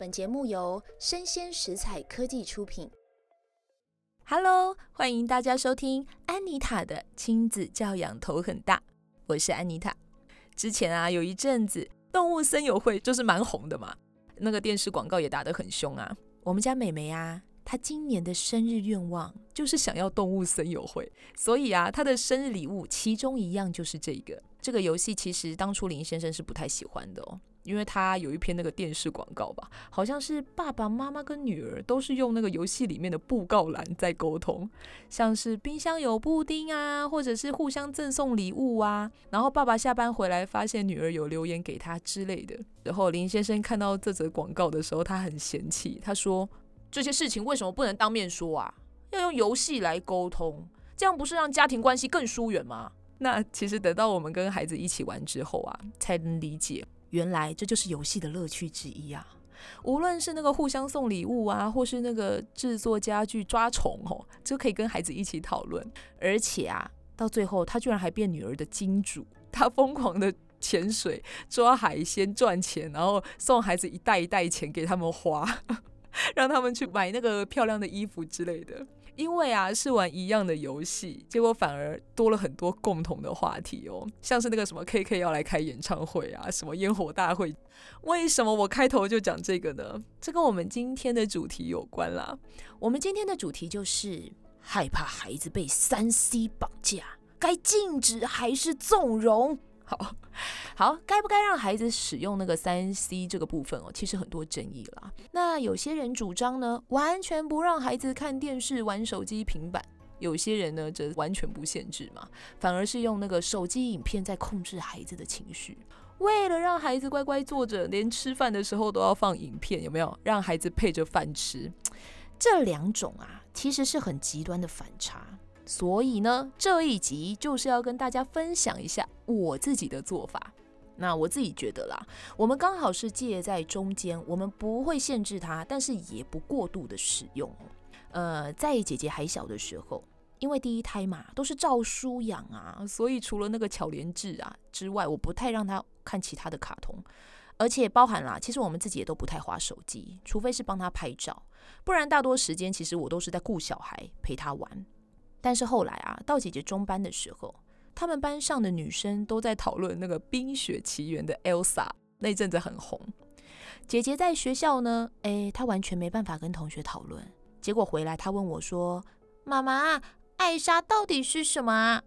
本節目由聲鮮時采科技出品。Hello，歡迎大家收聽安妮塔的親子教養頭很大，我是安妮塔。之前啊，有一陣子動物森友會就是蠻紅的嘛，那個電視廣告也打得很兇啊。我們家妹妹啊，她今年的生日願望就是想要動物森友會，所以啊，她的生日禮物其中一樣就是這個。這個遊戲其實當初林先生是不太喜歡的哦。因為他有一篇那個電視廣告吧，好像是爸爸媽媽跟女兒都是用那個遊戲裡面的布告欄在溝通，像是冰箱有布丁啊，或者是互相贈送禮物啊，然後爸爸下班回來發現女兒有留言給他之類的。然後林先生看到這則廣告的時候，他很嫌棄，他說：“這些事情為什麼不能當面說啊？要用遊戲來溝通，這樣不是讓家庭關係更疏遠嗎？”那其實等到我們跟孩子一起玩之後啊，才能理解。原來這就是遊戲的樂趣之一啊！無論是那個互相送禮物啊，或是那個製作家具、抓蟲哦，就可以跟孩子一起討論。而且啊，到最後他居然還變女兒的金主，他瘋狂的潛水抓海鮮賺錢，然後送孩子一袋一袋錢給他們花，讓他們去買那個漂亮的衣服之類的。因為啊，是玩一樣的遊戲，結果反而多了很多共同的話題哦，像是那個什麼 K K 要來開演唱會啊，什麼煙火大會。為什麼我開頭就講這個呢？這跟我們今天的主題有關啦。我們今天的主題就是害怕孩子被三 C 綁架，該禁止還是縱容？好好，該不該讓孩子使用那個 3C 這個部分哦？其實很多爭議啦。那有些人主張呢，完全不讓孩子看電視、玩手機、平板；有些人呢，則完全不限制嘛，反而是用那個手機影片在控制孩子的情緒，為了讓孩子乖乖坐着，連吃飯的時候都要放影片，有沒有？讓孩子配着飯吃，這兩種啊，其實是很極端的反差。所以呢，這一集就是要跟大家分享一下我自己的做法。那我自己覺得啦，我們剛好是介在中間，我們不會限制他，但是也不過度的使用。呃，在姐姐還小的時候，因為第一胎嘛都是照書養啊，所以除了那個巧連智啊之外，我不太讓他看其他的卡通。而且包含啦，其實我們自己也都不太滑手機，除非是幫他拍照，不然大多時間其實我都是在顧小孩，陪他玩。但是後來啊，到姐姐中班的時候，他們班上的女生都在討論那個《冰雪奇緣》的 Elsa，那陣子很紅。姐姐在學校呢，誒、欸，她完全沒辦法跟同學討論。結果回來，她問我說：“媽媽，艾莎到底是什麼啊？”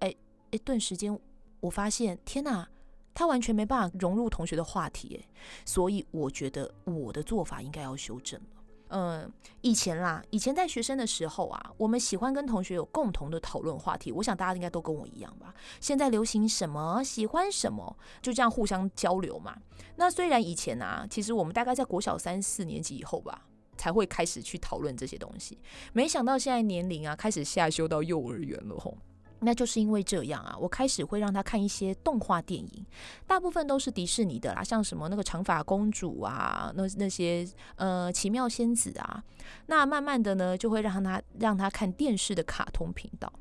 哎、欸，欸，一段時間，我發現，天哪、啊，她完全沒辦法融入同學的話題、欸，誒，所以我覺得我的做法應該要修正了。嗯，以前啦，以前帶學生的時候啊，我們喜歡跟同學有共同的討論話題。我想大家應該都跟我一樣吧。現在流行什麼，喜歡什麼，就這樣互相交流嘛。那雖然以前啊，其實我們大概在國小三四年級以後吧，才會開始去討論這些東西。沒想到現在年齡啊，開始下修到幼兒園了吼。那就是因為這樣啊，我開始會讓他看一些動畫電影，大部分都是迪士尼的啦，像什麼那個長髮公主啊，那那些呃奇妙仙子啊，那慢慢的呢就會讓他讓他看電視的卡通頻道，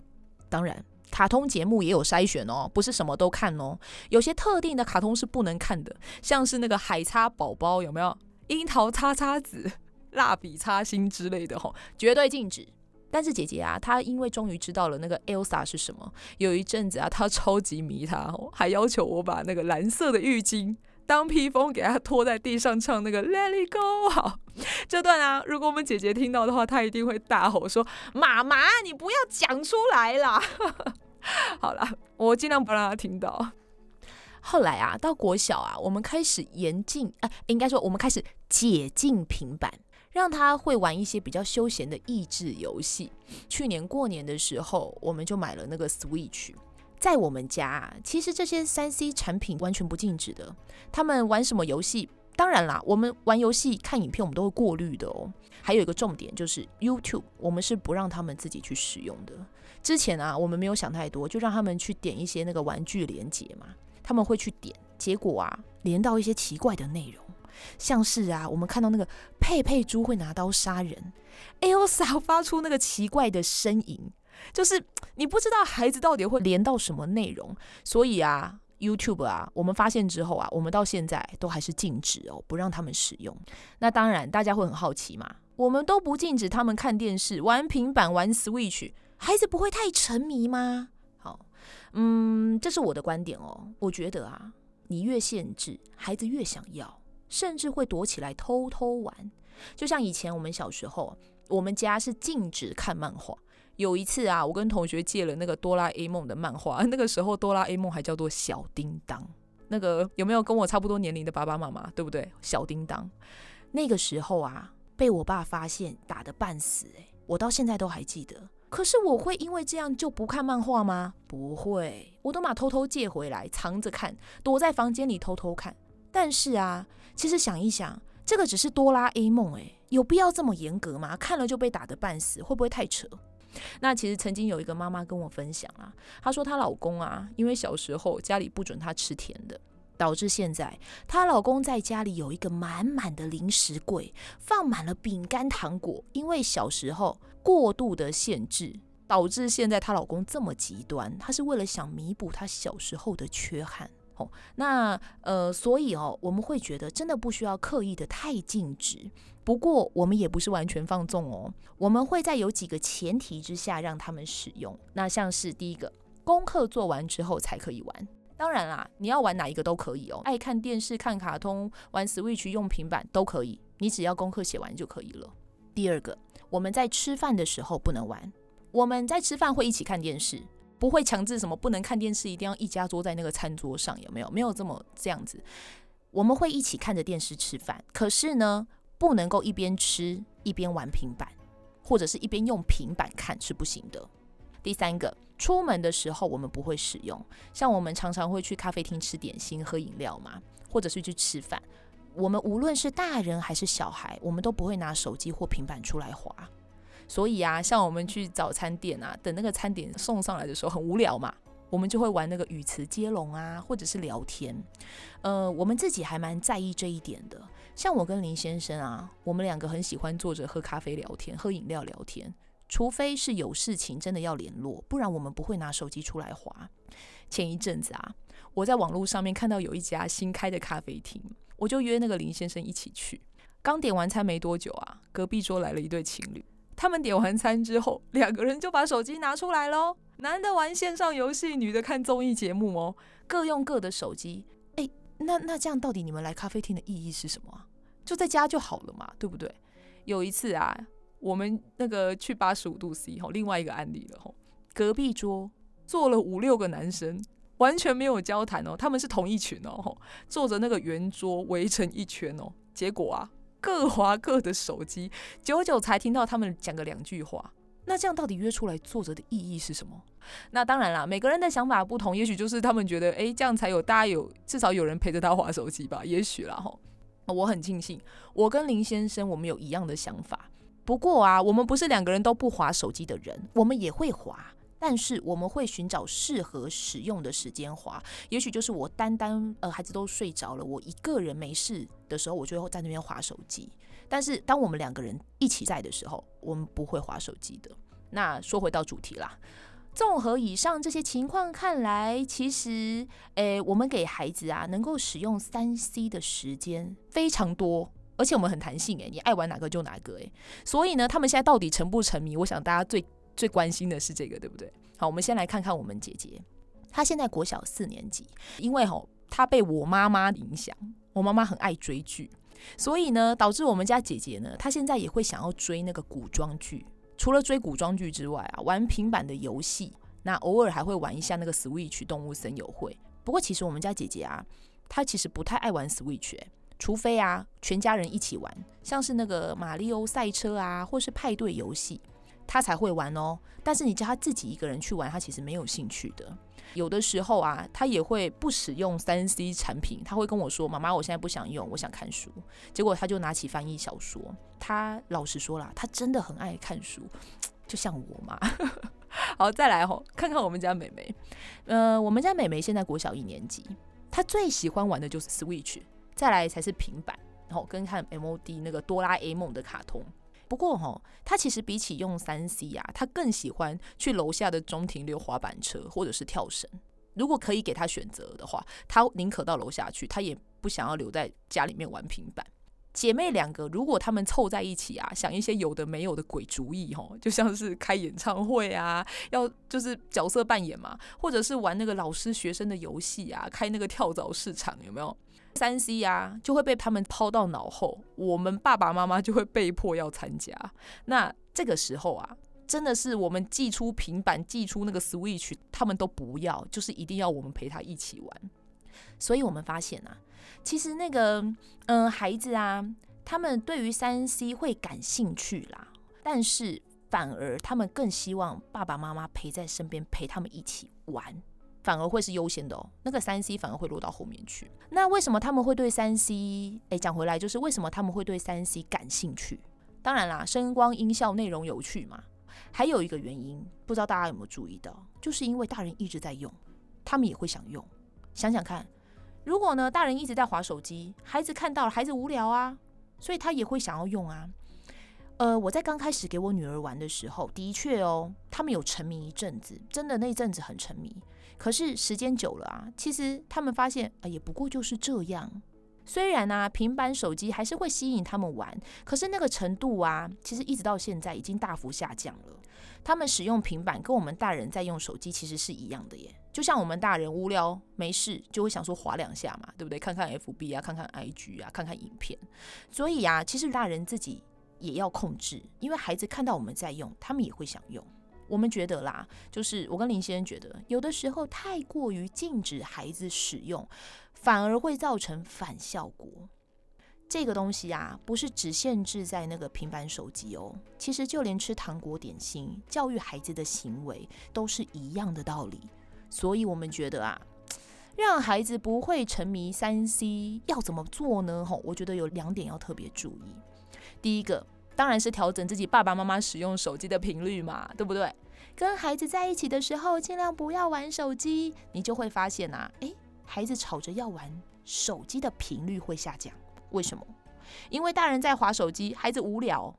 當然，卡通節目也有篩選哦、喔，不是什麼都看哦、喔，有些特定的卡通是不能看的，像是那個海叉寶寶有沒有？櫻桃叉叉子、蠟筆叉心之類的哈、喔，絕對禁止。但是姐姐啊，她因為終於知道了那個 Elsa 是什麼，有一陣子啊，她超級迷她，還要求我把那個藍色的浴巾當披風給她拖在地上唱那個 Let It Go。好，這段啊，如果我們姐姐聽到的話，她一定會大吼說：“媽媽，你不要講出來啦！ ”好啦，我盡量不讓她聽到。後來啊，到國小啊，我們開始嚴禁啊、呃，應該說我們開始解禁平板。讓他會玩一些比較休閒的益智遊戲。去年過年的時候，我們就買了那個 Switch，在我們家，其實這些 3C 產品完全不禁止的。他們玩什麼遊戲，當然啦，我們玩遊戲、看影片，我們都會過濾的哦。還有一個重點就是 YouTube，我們是不讓他們自己去使用的。之前啊，我們沒有想太多，就讓他們去點一些那個玩具連接嘛，他們會去點，結果啊，連到一些奇怪的內容。像是啊，我們看到那個佩佩豬會拿刀殺人，Elsa 發出那個奇怪的聲音，就是你不知道孩子到底會連到什麼內容。所以啊，YouTube 啊，我們發現之後啊，我們到現在都還是禁止哦，不讓他們使用。那當然，大家會很好奇嘛，我們都不禁止他們看電視、玩平板、玩 Switch，孩子不會太沉迷嗎？好，嗯，這是我的觀點哦。我覺得啊，你越限制，孩子越想要。甚至會躲起來偷偷玩，就像以前我們小時候，我們家是禁止看漫畫。有一次啊，我跟同學借了那個《哆啦 A 夢》的漫畫，那個時候《哆啦 A 夢》還叫做小叮噹。那個有沒有跟我差不多年齡的爸爸媽媽，對不對？小叮噹，那個時候啊，被我爸發現，打得半死，欸，我到現在都還記得。可是我會因為這樣就不看漫畫嗎？不會，我都把偷偷借回來，藏着看，躲在房間裡偷偷看。但是啊，其實想一想，這個只是哆啦 A 夢誒、欸，有必要這麼嚴格嗎？看了就被打得半死，會不會太扯？那其實曾經有一個媽媽跟我分享啊，她說她老公啊，因為小時候家裡不准他吃甜的，導致現在她老公在家裡有一個滿滿的零食櫃，放滿了餅乾糖果，因為小時候過度的限制，導致現在她老公這麼極端，她是為了想彌補她小時候的缺憾。那呃，所以哦，我們會覺得真的不需要刻意的太禁止。不過我們也不是完全放縱哦，我們會在有幾個前提之下讓他們使用。那像是第一個，功課做完之後才可以玩。當然啦，你要玩哪一個都可以哦，愛看電視、看卡通、玩 Switch、用平板都可以，你只要功課寫完就可以了。第二個，我們在吃飯的時候不能玩。我們在吃飯會一起看電視。不會強制什麼不能看電視，一定要一家坐在那個餐桌上，有沒有？沒有這麼這樣子。我們會一起看着電視吃飯，可是呢，不能夠一邊吃一邊玩平板，或者是一邊用平板看是不行的。第三個，出門的時候我們不會使用，像我們常常會去咖啡廳吃點心、喝飲料嘛，或者是去吃飯。我們無論是大人還是小孩，我們都不會拿手機或平板出來滑。所以啊，像我們去早餐店啊，等那個餐點送上來的時候，很無聊嘛，我們就會玩那個語詞接龍啊，或者是聊天。呃，我們自己還蠻在意這一點的。像我跟林先生啊，我們兩個很喜歡坐着喝咖啡聊天，喝飲料聊天。除非是有事情真的要聯絡，不然我們不會拿手機出來滑。前一陣子啊，我在網路上面看到有一家新開的咖啡廳，我就約那個林先生一起去。剛點完餐沒多久啊，隔壁桌來了一對情侶。他們點完餐之後，兩個人就把手機拿出來嘍。男的玩線上遊戲，女的看綜藝節目哦、喔，各用各的手機。哎、欸，那那這樣到底你們來咖啡廳的意義是什麼？就在家就好了嘛，對不對？有一次啊，我們那個去八十五度 C 吼，另外一個案例了吼，隔壁桌坐了五六個男生，完全沒有交談哦、喔，他們是同一群哦、喔，坐着那個圓桌圍成一圈哦、喔，結果啊。各劃各的手機，久久才聽到他們講個兩句話。那這樣到底約出來坐着的意義是什麼？那當然啦，每個人的想法不同，也許就是他們覺得，誒、欸，這樣才有大家有至少有人陪着他劃手機吧，也許啦吼。我很慶幸，我跟林先生我們有一樣的想法。不過啊，我們不是兩個人都不劃手機的人，我們也會劃。但是我們會尋找適合使用的時間滑。也許就是我單單呃，孩子都睡着了，我一個人沒事的時候，我就會在那邊滑手機。但是當我們兩個人一起在的時候，我們不會滑手機的。那說回到主題啦，綜合以上這些情況看來，其實誒、欸，我們給孩子啊能夠使用三 C 的時間非常多，而且我們很彈性誒、欸，你愛玩哪個就哪個誒、欸。所以呢，他們現在到底沉不沉迷？我想大家最。最關心的是這個，對不對？好，我們先來看看我們姐姐，她現在國小四年級，因為吼、喔、她被我媽媽影響，我媽媽很愛追劇，所以呢，導致我們家姐姐呢，她現在也會想要追那個古裝劇。除了追古裝劇之外啊，玩平板的遊戲，那偶爾還會玩一下那個 Switch 動物森友會。不過其實我們家姐姐啊，她其實不太愛玩 Switch，、欸、除非啊全家人一起玩，像是那個馬里歐賽車啊，或是派對遊戲。他才會玩哦，但是你叫他自己一個人去玩，他其實沒有興趣的。有的時候啊，他也會不使用三 C 產品，他會跟我說：“媽媽，我現在不想用，我想看書。”結果他就拿起翻譯小說。他老實說了，他真的很愛看書，就像我嘛。 好，再來吼，看看我們家妹妹。呃，我們家妹妹現在國小一年級，她最喜歡玩的就是 Switch，再來才是平板，然後跟看 MOD 那個哆啦 A 夢的卡通。不過哦，他其實比起用 3C 啊，他更喜歡去樓下的中庭溜滑板車或者是跳繩。如果可以給他選擇的話，他寧可到樓下去，他也不想要留在家裡面玩平板。姐妹兩個，如果她們湊在一起啊，想一些有的沒有的鬼主意哦，就像是開演唱會啊，要就是角色扮演嘛，或者是玩那個老師學生的遊戲啊，開那個跳蚤市場，有沒有？三 C 呀、啊，就會被他們拋到腦後，我們爸爸媽媽就會被迫要參加。那這個時候啊，真的是我們寄出平板、寄出那個 Switch，他們都不要，就是一定要我們陪他一起玩。所以我們發現啊，其實那個嗯、呃，孩子啊，他們對於三 C 會感興趣啦，但是反而他們更希望爸爸媽媽陪在身邊，陪他們一起玩。反而會是優先的喔，那個三 C 反而會落到後面去。那為什麼他們會對三 C？欸，講回來就是為什麼他們會對三 C 感興趣？當然啦，聲光音效內容有趣嘛。還有一個原因，不知道大家有沒有注意到，就是因為大人一直在用，他們也會想用。想想看，如果呢大人一直在滑手機，孩子看到了，孩子無聊啊，所以他也會想要用啊。呃，我在剛開始給我女兒玩的時候，的確喔，他們有沉迷一陣子，真的那一陣子很沉迷。可是時間久了啊，其實他們發現啊、欸，也不過就是這樣。雖然呢、啊，平板手機還是會吸引他們玩，可是那個程度啊，其實一直到現在已經大幅下降了。他們使用平板跟我們大人在用手機其實是一樣的耶，就像我們大人無聊沒事就會想說滑兩下嘛，對不對？看看 FB 啊，看看 IG 啊，看看影片。所以啊，其實大人自己也要控制，因為孩子看到我們在用，他們也會想用。我們覺得啦，就是我跟林先生覺得，有的時候太過於禁止孩子使用，反而會造成反效果。這個東西啊，不是只限制在那個平板手機哦，其實就連吃糖果點心、教育孩子的行為都是一樣的道理。所以我們覺得啊，讓孩子不會沉迷 3C，要怎麼做呢？吼，我覺得有兩點要特別注意。第一個，當然是調整自己爸爸媽媽使用手機的頻率嘛，對不對？跟孩子在一起的時候，儘量不要玩手機，你就會發現啊，哎、欸，孩子吵着要玩手機的頻率會下降。為什麼？因為大人在滑手機，孩子無聊。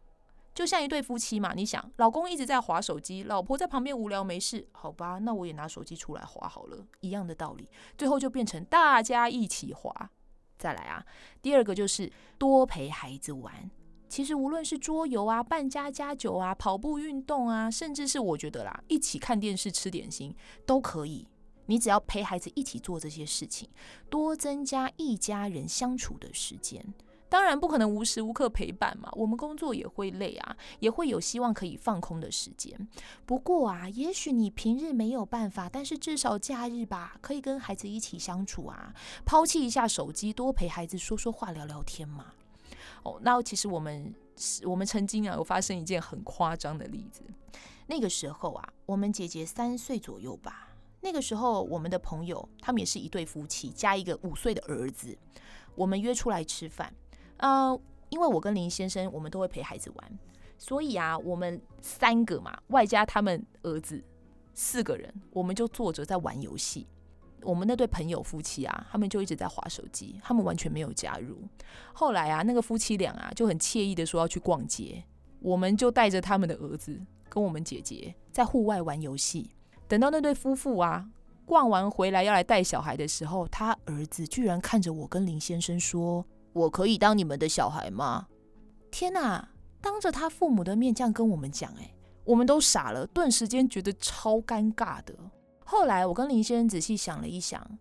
就像一對夫妻嘛，你想，老公一直在滑手機，老婆在旁邊無聊沒事，好吧，那我也拿手機出來滑好了，一樣的道理，最後就變成大家一起滑。再來啊，第二個就是多陪孩子玩。其實無論是桌遊啊、扮家家酒啊、跑步運動啊，甚至是我覺得啦，一起看電視吃點心都可以。你只要陪孩子一起做這些事情，多增加一家人相處的時間。當然不可能無時無刻陪伴嘛，我們工作也會累啊，也會有希望可以放空的時間。不過啊，也許你平日沒有辦法，但是至少假日吧，可以跟孩子一起相處啊，拋棄一下手機，多陪孩子說說話、聊聊天嘛。哦，那其實我們我們曾經啊有發生一件很誇張的例子，那個時候啊，我們姐姐三歲左右吧。那個時候，我們的朋友他們也是一對夫妻加一個五歲的兒子，我們約出來吃飯。呃，因為我跟林先生，我們都會陪孩子玩，所以啊，我們三個嘛，外加他們兒子四個人，我們就坐着在玩遊戲。我們那對朋友夫妻啊，他們就一直在滑手機，他們完全沒有加入。後來啊，那個夫妻倆啊就很愜意地說要去逛街，我們就帶着他們的兒子跟我們姐姐在戶外玩遊戲。等到那對夫婦啊逛完回來要來帶小孩的時候，他兒子居然看着我跟林先生說：“我可以當你們的小孩嗎？”天吶，當着他父母的面這樣跟我們講、欸，誒，我們都傻了，頓時間覺得超尷尬的。後來我跟林先生仔細想了一想，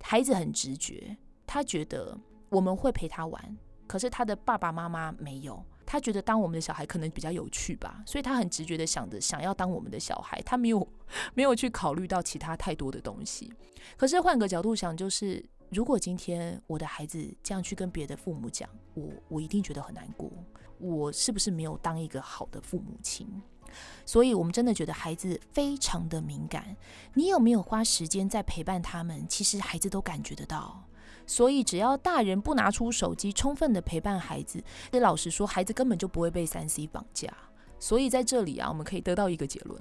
孩子很直覺，他覺得我們會陪他玩，可是他的爸爸媽媽沒有，他覺得當我們的小孩可能比較有趣吧，所以他很直覺地想着想要當我們的小孩，他沒有沒有去考慮到其他太多的東西。可是換個角度想，就是如果今天我的孩子這樣去跟別的父母講，我我一定覺得很難過，我是不是沒有當一個好的父母親？所以，我們真的覺得孩子非常的敏感。你有沒有花時間在陪伴他們？其實孩子都感覺得到。所以，只要大人不拿出手機，充分的陪伴孩子，老實說，孩子根本就不會被三 C 綁架。所以，在這裡啊，我們可以得到一個結論：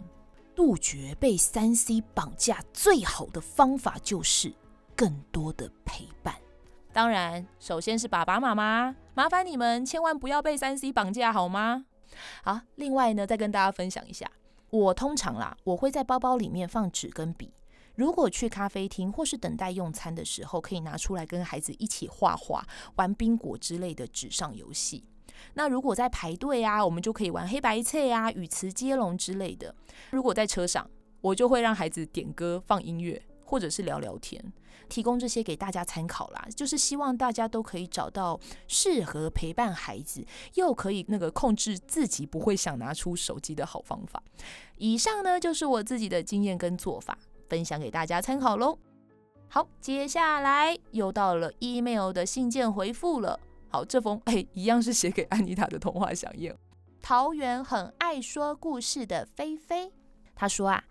杜絕被三 C 綁架最好的方法就是更多的陪伴。當然，首先是爸爸媽媽，麻煩你們千萬不要被三 C 綁架，好嗎？好，另外呢，再跟大家分享一下，我通常啦，我會在包包裡面放紙跟筆。如果去咖啡廳或是等待用餐的時候，可以拿出來跟孩子一起畫畫、玩賓果之類的紙上遊戲。那如果在排隊啊，我們就可以玩黑白猜啊、語詞接龍之類的。如果在車上，我就會讓孩子點歌、放音樂，或者是聊聊天。提供這些給大家參考啦，就是希望大家都可以找到適合陪伴孩子，又可以那個控制自己不會想拿出手機的好方法。以上呢，就是我自己的經驗跟做法，分享給大家參考嘍。好，接下來又到了 email 的信件回復了。好，這封哎、欸、一樣是寫給安妮塔的童話饗宴。桃園很愛說故事的菲菲，她說啊，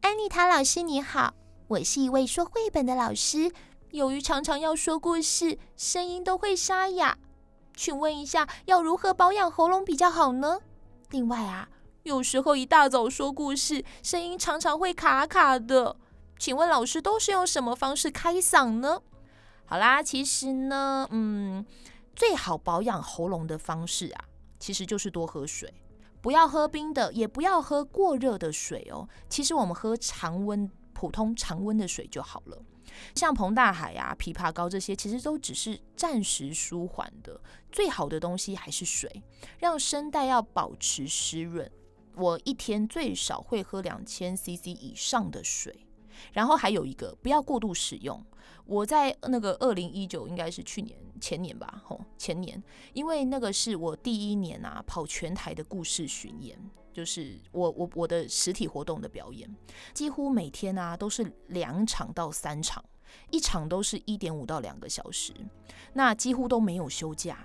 安妮塔老師你好。我是一位說繪本的老師，由於常常要說故事，聲音都會沙啞。請問一下，要如何保養喉嚨比較好呢？另外啊，有時候一大早說故事，聲音常常會卡卡的。請問老師都是用什麼方式開嗓呢？好啦，其實呢，嗯，最好保養喉嚨的方式啊，其實就是多喝水，不要喝冰的，也不要喝過熱的水哦。其實我們喝常溫。普通常溫的水就好了，像膨大海呀、啊、枇杷膏這些，其實都只是暫時舒緩的。最好的東西還是水，讓聲帶要保持濕潤。我一天最少會喝兩千 CC 以上的水，然後還有一個不要過度使用。我在那個二零一九，應該是去年。前年吧，吼，前年，因為那個是我第一年啊跑全台的故事巡演，就是我我我的實體活動的表演，幾乎每天啊都是兩場到三場，一場都是一點五到兩個小時，那幾乎都沒有休假，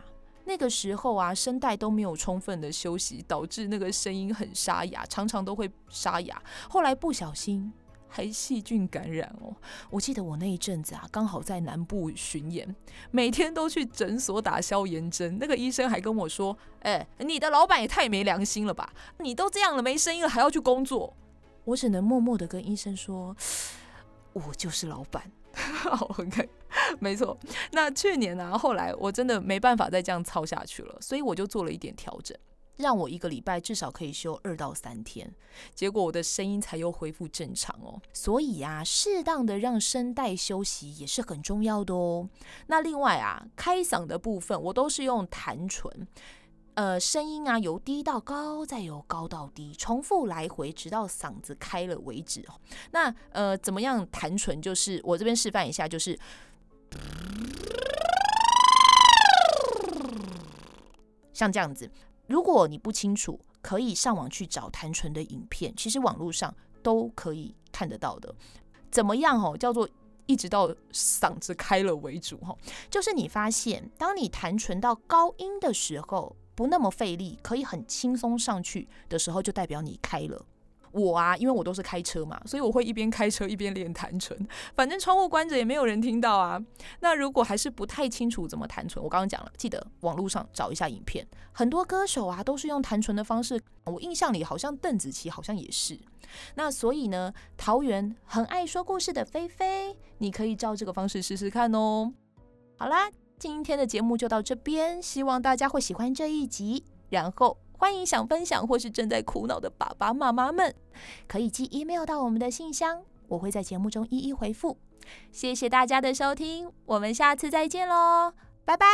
那個時候啊聲帶都沒有充分的休息，導致那個聲音很沙啞，常常都會沙啞，後來不小心。還細菌感染哦！我記得我那一陣子啊，剛好在南部巡演，每天都去診所打消炎針。那個醫生還跟我說：“欸，你的老板也太沒良心了吧？你都這樣了，沒聲音了，還要去工作？”我只能默默的跟醫生說：“我就是老板。”好，很開。沒錯，那去年呢，後來我真的沒辦法再這樣操下去了，所以我就做了一點調整。讓我一個禮拜至少可以休二到三天，結果我的聲音才又恢復正常哦。所以啊，適當的讓聲帶休息也是很重要的哦。那另外啊，開嗓的部分我都是用彈唇，呃，聲音啊由低到高，再由高到低，重複來回，直到嗓子開了為止哦。那呃，怎麼樣彈唇？就是我這邊示範一下，就是像這樣子。如果你不清楚，可以上網去找彈唇的影片，其實網絡上都可以看得到的。怎麼樣哦？叫做一直到嗓子開了為止哈，就是你發現，當你彈唇到高音的時候，不那麼費力，可以很輕鬆上去的時候，就代表你開了。我啊，因為我都是開車嘛，所以我會一邊開車一邊練彈唇，反正窗戶關着也沒有人聽到啊。那如果還是不太清楚怎麼彈唇，我剛剛講了，記得網絡上找一下影片，很多歌手啊都是用彈唇的方式，我印象裡好像鄧紫棋好像也是。那所以呢，桃園很愛說故事的菲菲，你可以照這個方式試試看哦。好啦，今天的節目就到這邊，希望大家會喜歡這一集，然後。歡迎想分享或是正在苦惱的爸爸媽媽們，可以寄 email 到我們的信箱，我會在節目中一一回復。謝謝大家的收聽，我們下次再見嘍，拜拜。